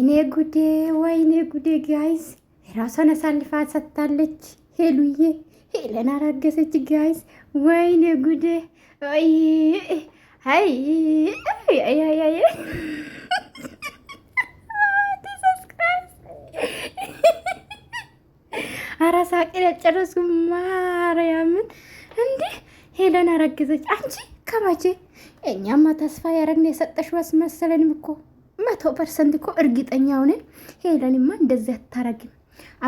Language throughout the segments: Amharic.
እኔ ጉዴ ወይኔ ጉዴ ጋይዝ ራሷን አሳልፋ ሰጥታለች። ሄሉዬ ሄለን አረገዘች ጋይዝ። ወይኔ ጉዴ አራሳቂን ያጨረሱ ማርያምን እንዲህ ሄለን አረገዘች። አንቺ ከመቼ እኛማ ተስፋ ያረግን የሰጠሽ ወስ መሰለንም እኮ መቶ ፐርሰንት እኮ እርግጠኛ ሆነን ሄለንማ እንደዚህ አታረግም፣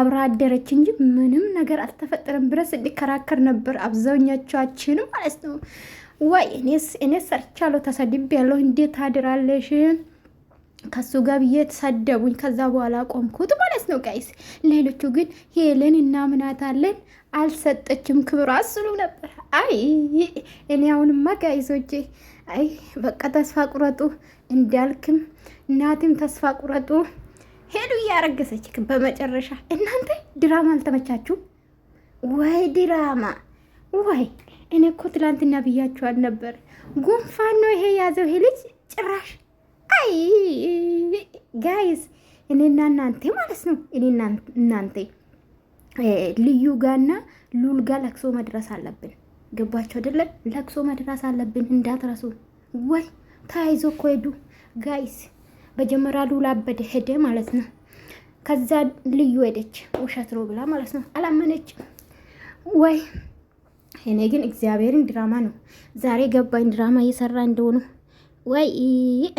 አብራ አደረች እንጂ ምንም ነገር አልተፈጠረም ብለን ስንከራከር ነበር አብዛኛቻችን ማለት ነው። ወይ እኔስ እኔ ሰርቻለሁ፣ ተሰድብ ያለሁ እንዴት ታድራለሽ ከሱ ጋር ብዬ ተሰደቡኝ። ከዛ በኋላ ቆምኩት ማለት ነው ጋይስ። ሌሎቹ ግን ሄለን እናምናታለን አልሰጠችም ክብር አስሉ ነበር። አይ እኔ አሁንማ ጋይሶቼ፣ አይ በቃ ተስፋ ቁረጡ እንዳልክም ናቲም ተስፋ ቁረጡ ሄዱ እያረገሰች በመጨረሻ እናንተ ድራማ አልተመቻችሁ ወይ? ድራማ ወይ? እኔ እኮ ትላንትና ብያችኋል ነበር። ጉንፋን ነው ይሄ ያዘው ይሄ ልጅ ጭራሽ። አይ ጋይዝ፣ እኔና እናንተ ማለት ነው እኔና እናንተ ልዩ ጋና ሉል ጋ ለቅሶ መድረስ አለብን። ገባችሁ አይደለም? ለቅሶ መድረስ አለብን እንዳትረሱ። ወይ ተያይዞ እኮ ሄዱ ጋይስ መጀመሪያ ሉላ አበደ ሄደ ማለት ነው። ከዛ ልዩ ሄደች ውሸት ነው ብላ ማለት ነው። አላመነች ወይ? እኔ ግን እግዚአብሔርን ድራማ ነው ዛሬ ገባኝ፣ ድራማ እየሰራ እንደሆኑ ወይ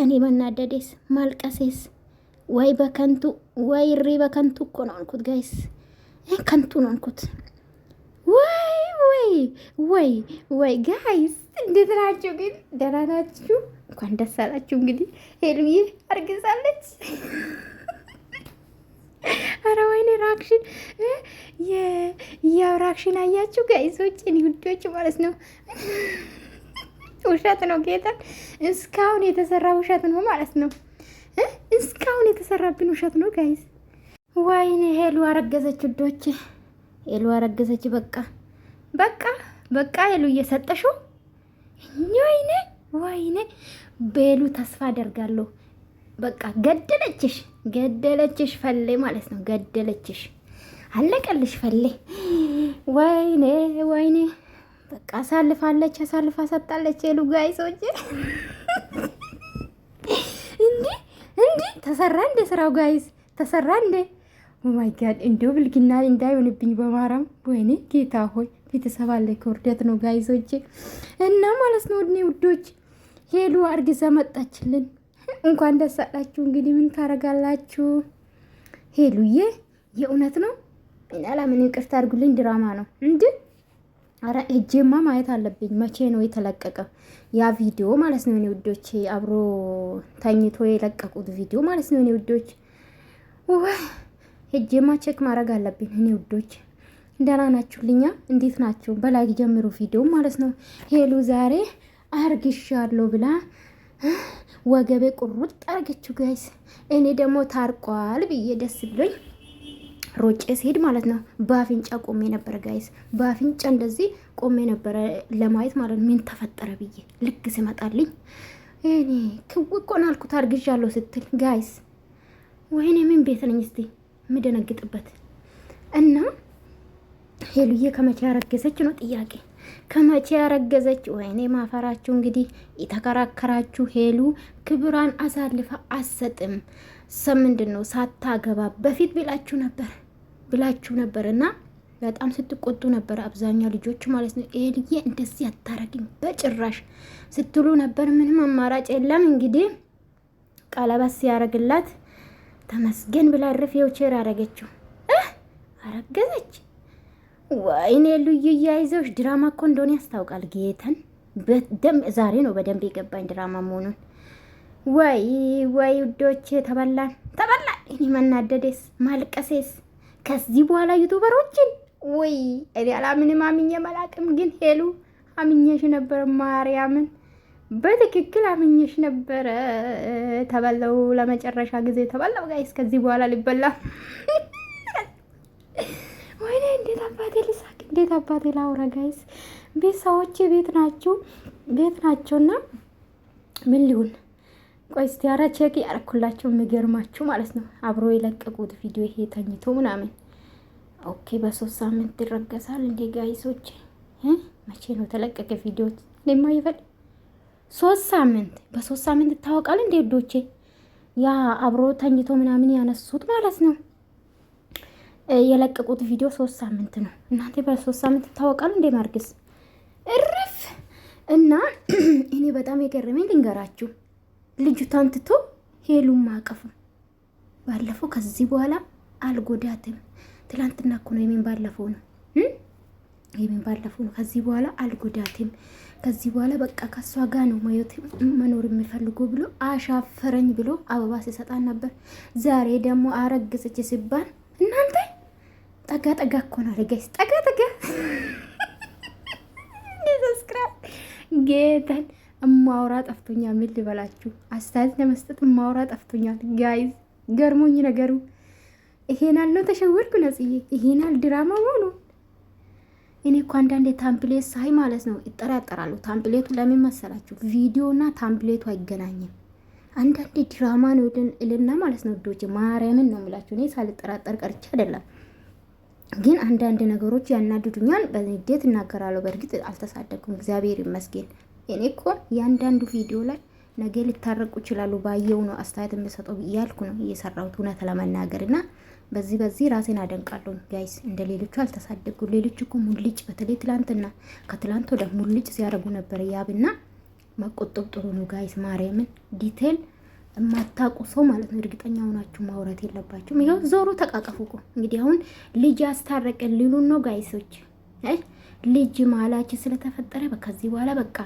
እኔ መናደዴስ ማልቀሴስ ወይ በከንቱ ወይ ሪ በከንቱ እኮ ነው አልኩት። ጋይስ ከንቱ ነው አልኩት። ወይ ወይ ወይ ወይ ጋይስ እንዴት ናችሁ ግን ደህና ናችሁ? እንኳን ደስ አላችሁ። እንግዲህ ሄሉዬ አርግዛለች። አረ ወይኔ ራክሽን ያው ራክሽን አያችሁ ጋይዞች፣ እኔ ውዶች ማለት ነው። ውሸት ነው ጌታን እስካሁን የተሰራ ውሸት ነው ማለት ነው። እስካሁን የተሰራብን ውሸት ነው ጋይዝ። ወይኔ ሄሉ አረገዘች ውዶች፣ ሄሉ አረገዘች። በቃ በቃ በቃ ሄሉ እየሰጠሽው ወይኔ ወይኔ በሉ ተስፋ አደርጋለሁ። በቃ ገደለችሽ፣ ገደለችሽ ፈሌ ማለት ነው። ገደለችሽ፣ አለቀልሽ ፈሌ። ወይኔ ወይኔ፣ በቃ አሳልፋለች፣ አሳልፋ ሰጣለች። የሉ ጋይ ጋይሶች እንዲ እንዲ ተሰራ እንደ ስራው ጋይዝ ተሰራ እንደ ኦማይ ጋድ እንደው ብልግና እንዳይሆንብኝ በማራም ወይኔ ጌታ ሆይ ቤተሰብ አለ። ከውርደት ነው ጋይዞች እና ማለት ነው እድኔ ውዶች ሄሉ አርግዛ መጣችልን። እንኳን ደስ አላችሁ። እንግዲህ ምን ታረጋላችሁ? ሄሉዬ የእውነት ነው ላ ምን ይቅርታ አድርጉልኝ፣ ድራማ ነው እንዲ አረ እጄማ ማየት አለብኝ። መቼ ነው የተለቀቀ ያ ቪዲዮ ማለት ነው? እኔ ውዶች አብሮ ተኝቶ የለቀቁት ቪዲዮ ማለት ነው። እኔ ውዶች ወይ እጄማ ቼክ ማድረግ አለብኝ። እኔ ውዶች ደህና ናችሁልኛ? እንዴት ናችሁ? በላይ ጀምሩ ቪዲዮ ማለት ነው ሄሉ ዛሬ አርግሻለሁ ብላ ወገቤ ቁርጥ አርገችው። ጋይስ እኔ ደግሞ ታርቋል ብዬ ደስ ብሎኝ ሮጬ ሲሄድ ማለት ነው በአፍንጫ ቆሜ ነበረ። ጋይስ በአፍንጫ እንደዚህ ቆሜ ነበረ ለማየት ማለት ነው ምን ተፈጠረ ብዬ ልክ ሲመጣልኝ እኔ ክውቆን አልኩት አርግዣለሁ ስትል ጋይስ ወይኔ ምን ቤት ነኝ እስቲ የምደነግጥበት እና ሄሉዬ ከመቼ ያረገዘች ነው ጥያቄ ከመቼ ያረገዘች? ወይኔ ማፈራችሁ። እንግዲህ የተከራከራችሁ ሄሉ ክብሯን አሳልፋ አሰጥም ምንድን ነው ሳታገባ በፊት ብላችሁ ነበር ብላችሁ ነበር እና በጣም ስትቆጡ ነበር አብዛኛው ልጆች ማለት ነው። ኤልዬ እንደዚህ አታረግኝ በጭራሽ ስትሉ ነበር። ምንም አማራጭ የለም እንግዲህ ቀለበት ሲያረግላት ተመስገን ብላ ርፍ የውቼር አረገችው አረገዘች። ወይኔ ሉዬ እያይዘሽ ድራማ እኮ እንደሆነ ያስታውቃል። ጌተን በደም ዛሬ ነው በደንብ የገባኝ ድራማ መሆኑን። ወይ ወይ ውዶቼ ተበላን ተበላን። እኔ መናደዴስ ማልቀሴስ ከዚህ በኋላ ዩቱበሮችን ወይ እኔ አላምንም። አምኜ መላቅም ግን ሄሉ አምኜሽ ነበር፣ ማርያምን በትክክል አምኜሽ ነበረ። ተበለው ለመጨረሻ ጊዜ ተበላው ጋይስ። ከዚህ በኋላ ሊበላ አባቴ ልሳቅ፣ እንዴት አባቴ ላውራ። ጋይስ ቤት ሰዎች ቤት ናችሁ፣ ቤት ናቸውና ምን ሊሆን ቆይ እስቲ ኧረ ቼክ ያደረኩላቸው የሚገርማችሁ ማለት ነው። አብሮ የለቀቁት ቪዲዮ ይሄ ተኝቶ ምናምን ኦኬ። በሶስት ሳምንት ይረገሳል እንዴ ጋይሶች? መቼ ነው ተለቀቀ ቪዲዮ? እኔማ ይፈል ሶስት ሳምንት በሶስት ሳምንት ይታወቃል እንዴ ዶቼ? ያ አብሮ ተኝቶ ምናምን ያነሱት ማለት ነው። የለቀቁት ቪዲዮ ሶስት ሳምንት ነው። እናንተ በሶስት ሳምንት ይታወቃል እንዴ ማርግዝ እርፍ እና እኔ በጣም የገረመኝ ልንገራችሁ፣ ልጁ ታንትቶ ሄሉም ማቀፉ ባለፈው። ከዚህ በኋላ አልጎዳትም። ትላንትና እኮ ነው የሚን ባለፈው ነው የሜን ባለፈው ነው። ከዚህ በኋላ አልጎዳትም። ከዚህ በኋላ በቃ ከሷ ጋር ነው ማየት መኖር የሚፈልጉ ብሎ አሻፈረኝ ብሎ አበባ ሲሰጣን ነበር። ዛሬ ደግሞ አረግዘች ሲባል እናንተ ጠጋ ጠጋ እኮ ነው አደጋይስ ጠጋ ጠጋ ስክራል ጌታን እማውራ ጠፍቶኛ ምን ልበላችሁ አስተያየት ለመስጠት እማውራ ጠፍቶኛል። ጋይዝ ገርሞኝ ነገሩ ይሄናል ነው ተሸወርኩ ነጽዬ ይሄናል ድራማ ሆኖ እኔ እኮ አንዳንዴ ታምፕሌት ሳይ ማለት ነው ይጠራጠራሉ። ታምፕሌቱ ለምን መሰላችሁ? ቪዲዮና ታምፕሌቱ አይገናኝም። አንዳንዴ ድራማ ነው እልና ማለት ነው ዶች ማርያምን ነው የምላችሁ። እኔ ሳልጠራጠር ቀርቼ አይደለም። ግን አንዳንድ ነገሮች ያናድዱኛል። በንዴት እናገራለሁ። በእርግጥ አልተሳደኩም፣ እግዚአብሔር ይመስገን። እኔ እኮ የአንዳንዱ ቪዲዮ ላይ ነገ ሊታረቁ ይችላሉ ባየው ነው አስተያየት የምሰጠው እያልኩ ነው እየሰራሁት እውነት ለመናገር እና በዚህ በዚህ ራሴን አደንቃለሁ ጋይስ። እንደ ሌሎቹ አልተሳደጉ። ሌሎች እኮ ሙልጭ፣ በተለይ ትላንትና ከትላንት ወደ ሙልጭ ሲያደርጉ ነበር። ያብና መቆጠብ ጥሩ ነው ጋይስ። ማርያምን ዲቴል የማታውቁ ሰው ማለት ነው እርግጠኛ ሆናችሁ ማውራት የለባችሁም። ይኸው ዞሩ ተቃቀፉ እኮ እንግዲህ አሁን ልጅ ያስታረቀ ሊሉን ነው ጋይሶች። ልጅ ማላች ስለተፈጠረ ከዚህ በኋላ በቃ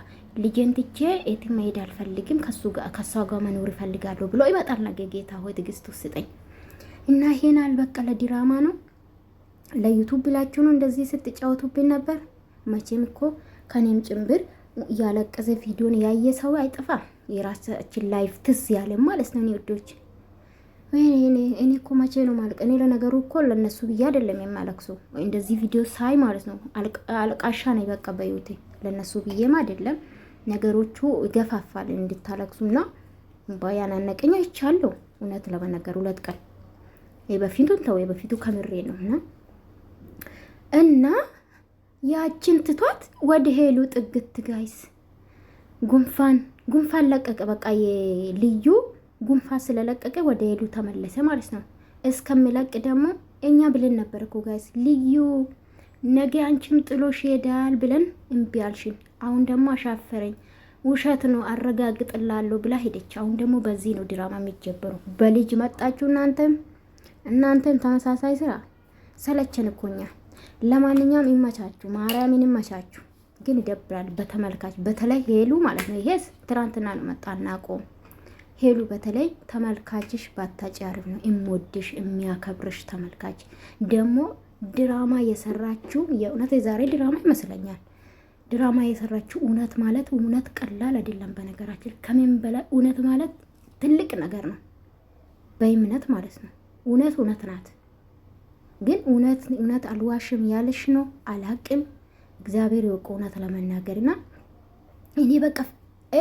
ልጄን ትቼ የትም መሄድ አልፈልግም ከሷ ጋር መኖር እፈልጋለሁ ብሎ ይመጣል። ነገ ጌታ ሆይ ትግስት ስጠኝ እና ይሄን አልበቃ ለዲራማ ነው ለዩቱብ ብላችሁ ነው እንደዚህ ስትጫወቱብን ነበር። መቼም እኮ ከኔም ጭምብር ያለቀሰ ቪዲዮን ያየ ሰው አይጠፋም። የራሳችን ላይፍ ትዝ ያለ ማለት ነው። እኔ ውዶች እኔ እኮ መቼ ነው ማልቅ? እኔ ለነገሩ እኮ ለእነሱ ብዬ አይደለም የማለቅሱ እንደዚህ ቪዲዮ ሳይ ማለት ነው። አልቃሻ ነው በቃ በዩቴ ለእነሱ ብዬም አይደለም ነገሮቹ ይገፋፋል እንድታለቅሱና እንባ ያናነቀኝ አይቻለሁ። እውነት ለመነገር ሁለት ቀን የበፊቱን ተው የበፊቱ ከምሬ ነው እና እና ያችን ትቷት ወደ ሄሉ ጥግት ጋይስ ጉንፋን ጉንፋን ለቀቀ። በቃ ልዩ ጉንፋን ስለለቀቀ ወደ ሄሉ ተመለሰ ማለት ነው። እስከሚለቅ ደግሞ እኛ ብለን ነበር እኮ ጋይስ፣ ልዩ ነገ አንቺም ጥሎሽ ይሄዳል ብለን እምቢ አልሽን። አሁን ደግሞ አሻፈረኝ፣ ውሸት ነው አረጋግጥላለሁ ብላ ሄደች። አሁን ደግሞ በዚህ ነው ድራማ የሚጀበሩ። በልጅ መጣችሁ እናንተም እናንተም ተመሳሳይ ስራ ሰለቸን እኮኛ። ለማንኛውም ይመቻችሁ፣ ማርያምን ይመቻችሁ። ግን ይደብራል። በተመልካች በተለይ ሄሉ ማለት ነው። ይሄ ትናንትና ነው መጣ እናቆ ሄሉ በተለይ ተመልካችሽ ባታጭ አሪፍ ነው። እምወድሽ የሚያከብርሽ ተመልካች ደግሞ ድራማ የሰራችው የእውነት የዛሬ ድራማ ይመስለኛል። ድራማ የሰራችው እውነት ማለት እውነት ቀላል አይደለም። በነገራችን ከምን በላይ እውነት ማለት ትልቅ ነገር ነው። በእምነት ማለት ነው። እውነት እውነት ናት። ግን እውነት እውነት አልዋሽም ያለሽ ነው አላቅም እግዚአብሔር ይወቅ። እውነት ለመናገር እና እኔ በቃ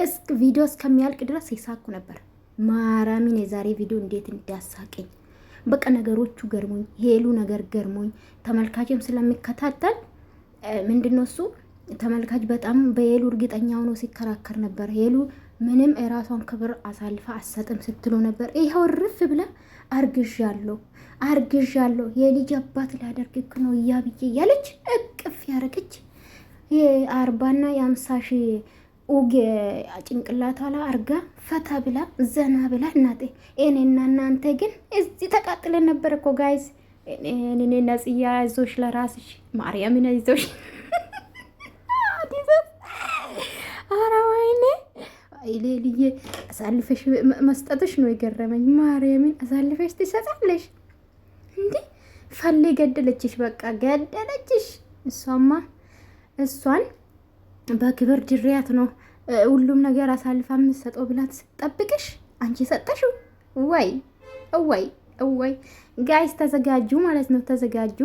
እስክ ቪዲዮ እስከሚያልቅ ድረስ ይሳኩ ነበር። ማራሚን የዛሬ ቪዲዮ እንዴት እንዳሳቀኝ በቃ ነገሮቹ ገርሞኝ ሄሉ ነገር ገርሞኝ ተመልካችም ስለሚከታተል ምንድነው እሱ ተመልካች በጣም በሄሉ እርግጠኛ ሆኖ ሲከራከር ነበር። ሄሉ ምንም የራሷን ክብር አሳልፋ አሰጥም ስትሎ ነበር። ይኸው ርፍ ብለ አርግዣለሁ አርግዣለሁ የልጅ አባት ሊያደርግክ ነው እያብዬ እያለች እቅፍ ያረገች የአርባና የአምሳ ሺህ ኡግ ጭንቅላቷ ላይ አርጋ ፈታ ብላ ዘና ብላ እናጤ እኔና እናንተ ግን እዚ ተቃጥለን ነበር እኮ ጋይዝ። እኔ ነጽያ ይዞሽ ለራስሽ ማርያምን ይዞሽ ኧረ ሌልዬ አሳልፈሽ መስጠትሽ ነው የገረመኝ። ማርያምን አሳልፈሽ ትሰጣለሽ እንዴ? ፈሌ ገደለችሽ፣ በቃ ገደለችሽ እሷማ እሷን በክብር ድሬያት ነው ሁሉም ነገር አሳልፋ የምትሰጠው ብላት ስጠብቅሽ አንቺ ሰጠሽው። ወይ እዋይ እዋይ! ጋይስ ተዘጋጁ ማለት ነው። ተዘጋጁ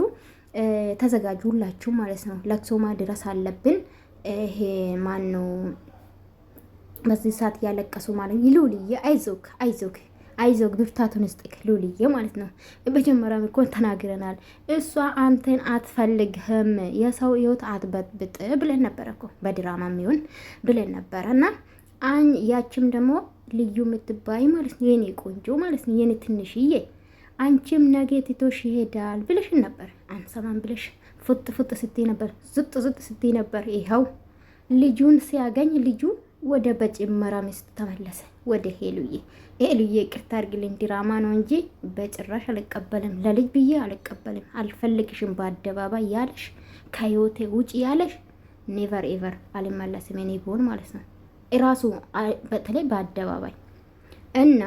ተዘጋጁ፣ ሁላችሁ ማለት ነው። ለቅሶ ማድረስ አለብን። ይሄ ማን ነው በዚህ ሰዓት እያለቀሱ ማለት ይሉልዬ አይዞክ አይዞክ አይዞህ ብርታቱን ስጥክ ሉልዬ ማለት ነው። መጀመሪያም እኮ ተናግረናል። እሷ አንተን አትፈልግህም፣ የሰው ህይወት አትበጥብጥ ብለን ነበረ እኮ በድራማ ይሁን ብለን ነበረ እና አኝ ያችም ደግሞ ልዩ የምትባይ ማለት ነው የኔ ቆንጆ ማለት ነው የኔ ትንሽዬ አንቺም ነገ ትቶሽ ይሄዳል ብለሽን ነበር። አንሰማም ብለሽ ፍጥ ፍጥ ስትይ ነበር፣ ዝጥ ዝጥ ስትይ ነበር። ይኸው ልጁን ሲያገኝ ልጁ ወደ በጭመራ ሚስት ተመለሰ ወደ ሄሉዬ ሄሉዬ ይቅርታ አድርግልኝ፣ ድራማ ነው እንጂ በጭራሽ አልቀበልም፣ ለልጅ ብዬ አልቀበልም፣ አልፈልግሽም፣ በአደባባይ ያለሽ ከህይወቴ ውጭ ያለሽ ኔቨር ኤቨር አልመለስም። እኔ ቢሆን ማለት ነው እራሱ በተለይ በአደባባይ እና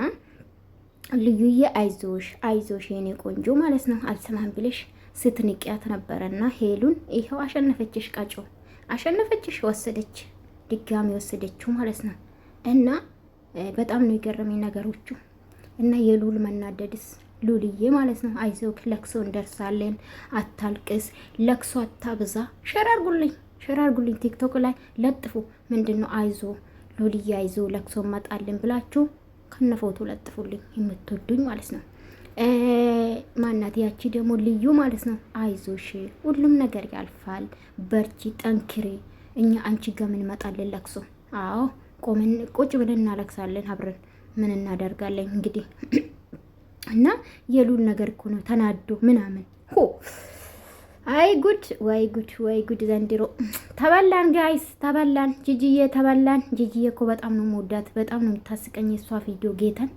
ልዩዬ፣ አይዞሽ አይዞሽ የኔ ቆንጆ ማለት ነው አልሰማህም ብለሽ ስትንቅያት ነበረ እና ሄሉን ይኸው አሸነፈችሽ፣ ቃጮ አሸነፈችሽ፣ ወሰደች፣ ድጋሚ ወሰደችው ማለት ነው እና በጣም ነው የገረመኝ ነገሮቹ እና የሉል መናደድስ ሉልዬ ማለት ነው። አይዞህ ለቅሶ እንደርሳለን፣ አታልቅስ፣ ለቅሶ አታብዛ። ሸር አድርጉልኝ፣ ሸር ቲክቶክ ላይ ለጥፉ። ምንድን ነው አይዞ ሉልዬ፣ አይዞ ለቅሶ መጣልን ብላችሁ ከነፎቶ ለጥፉልኝ፣ የምትወዱኝ ማለት ነው። ማናት ያቺ ደግሞ ልዩ ማለት ነው። አይዞሽ፣ ሁሉም ነገር ያልፋል፣ በርቺ፣ ጠንክሬ እኛ አንቺ ጋር ምን መጣልን ለቅሶ። አዎ ቆምን ቁጭ ብለን እናለቅሳለን አብረን ምን እናደርጋለን እንግዲህ እና የሉል ነገር እኮ ነው ተናዶ ምናምን ሆ አይ ጉድ ወይ ጉድ ወይ ጉድ ዘንድሮ ተበላን ጋይስ ተበላን ጅጅዬ ተበላን ጅጅዬ እኮ በጣም ነው መወዳት በጣም ነው የምታስቀኝ የሷ ቪዲዮ ጌተን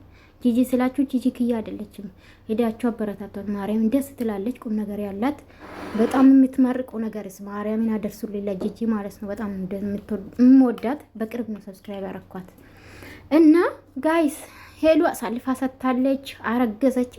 ጂጂ ስላችሁ ጂጂ ክያ አይደለችም። ሄዳችሁ አበረታቷት። ማርያም ደስ ትላለች። ቁም ነገር ያላት በጣም የምትመርቀው ነገር ማርያምን አደርሱልኝ ለጂጂ ማለት ነው። በጣም የምወዳት በቅርብ ነው ሰብስክራይብ ያረኳት እና ጋይስ ሄሉ አሳልፋ ሰጥታለች። አረገዘች።